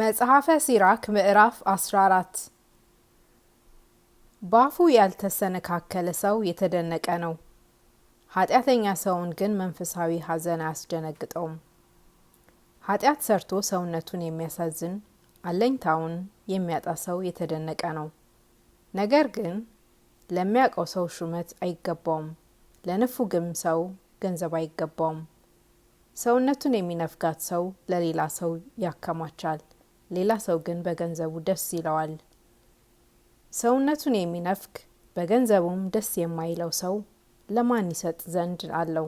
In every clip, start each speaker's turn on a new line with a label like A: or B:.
A: መጽሐፈ ሲራክ ምዕራፍ 14 ባፉ ያልተሰነካከለ ሰው የተደነቀ ነው፣ ኃጢአተኛ ሰውን ግን መንፈሳዊ ሐዘን አያስደነግጠውም። ኃጢአት ሰርቶ ሰውነቱን የሚያሳዝን አለኝታውን የሚያጣ ሰው የተደነቀ ነው። ነገር ግን ለሚያውቀው ሰው ሹመት አይገባውም፣ ለንፉግም ሰው ገንዘብ አይገባውም። ሰውነቱን የሚነፍጋት ሰው ለሌላ ሰው ያከማቻል። ሌላ ሰው ግን በገንዘቡ ደስ ይለዋል። ሰውነቱን የሚነፍክ በገንዘቡም ደስ የማይለው ሰው ለማን ይሰጥ ዘንድ አለው?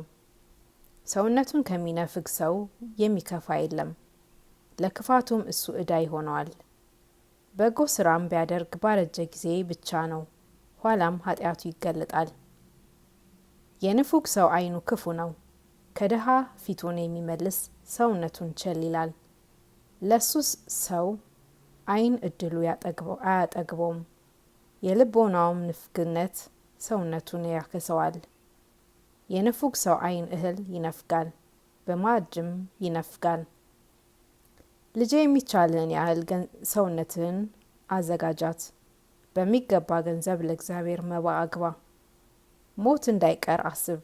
A: ሰውነቱን ከሚነፍግ ሰው የሚከፋ የለም፣ ለክፋቱም እሱ እዳ ይሆነዋል። በጎ ስራም ቢያደርግ ባረጀ ጊዜ ብቻ ነው፣ ኋላም ኃጢአቱ ይገለጣል። የንፉግ ሰው አይኑ ክፉ ነው፣ ከድሃ ፊቱን የሚመልስ ሰውነቱን ቸል ይላል። ለሱ ሰው አይን እድሉ አያጠግበውም፣ የልቦናውም ንፍግነት ሰውነቱን ያክሰዋል። የንፉግ ሰው አይን እህል ይነፍጋል፣ በማጅም ይነፍጋል። ልጄ የሚቻልን ያህል ሰውነትህን አዘጋጃት፣ በሚገባ ገንዘብ ለእግዚአብሔር መባ አግባ። ሞት እንዳይቀር አስብ፣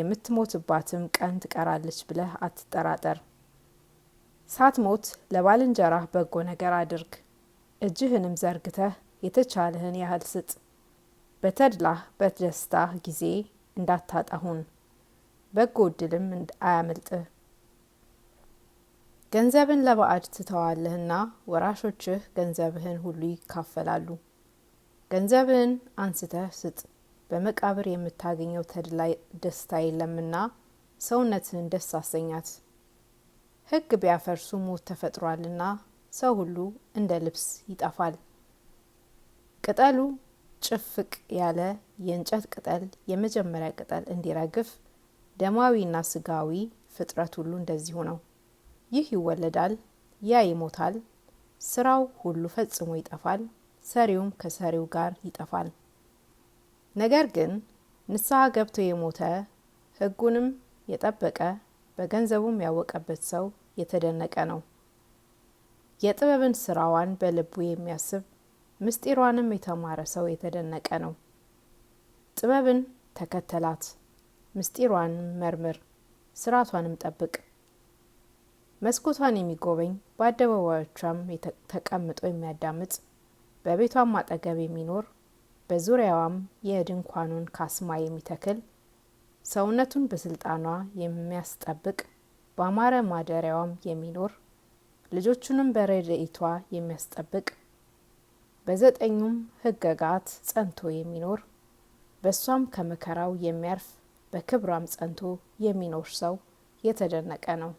A: የምትሞትባትም ቀን ትቀራለች ብለህ አትጠራጠር። ሳትሞት ለባልንጀራህ በጎ ነገር አድርግ፣ እጅህንም ዘርግተህ የተቻለህን ያህል ስጥ። በተድላህ በደስታህ ጊዜ እንዳታጣሁን፣ በጎ እድልም አያምልጥህ። ገንዘብን ለባዕድ ትተዋለህና ወራሾችህ ገንዘብህን ሁሉ ይካፈላሉ። ገንዘብህን አንስተህ ስጥ፣ በመቃብር የምታገኘው ተድላ ደስታ የለምና ሰውነትህን ደስ አሰኛት። ሕግ ቢያፈርሱ ሞት ተፈጥሯልና ሰው ሁሉ እንደ ልብስ ይጠፋል። ቅጠሉ ጭፍቅ ያለ የእንጨት ቅጠል የመጀመሪያ ቅጠል እንዲረግፍ ደማዊና ስጋዊ ፍጥረት ሁሉ እንደዚሁ ነው። ይህ ይወለዳል፣ ያ ይሞታል። ስራው ሁሉ ፈጽሞ ይጠፋል፣ ሰሪውም ከሰሪው ጋር ይጠፋል። ነገር ግን ንስሐ ገብቶ የሞተ ሕጉንም የጠበቀ በገንዘቡም ያወቀበት ሰው የተደነቀ ነው። የጥበብን ስራዋን በልቡ የሚያስብ ምስጢሯንም የተማረ ሰው የተደነቀ ነው። ጥበብን ተከተላት፣ ምስጢሯንም መርምር፣ ስርዓቷንም ጠብቅ። መስኮቷን የሚጎበኝ በአደባባዮቿም ተቀምጦ የሚያዳምጥ በቤቷም አጠገብ የሚኖር በዙሪያዋም የድንኳኑን ካስማ የሚተክል ሰውነቱን በስልጣኗ የሚያስጠብቅ ባማረ ማደሪያዋም የሚኖር ልጆቹንም በረድኤቷ የሚያስጠብቅ በዘጠኙም ህገጋት ጸንቶ የሚኖር በእሷም ከመከራው የሚያርፍ በክብሯም ጸንቶ የሚኖር ሰው የተደነቀ ነው።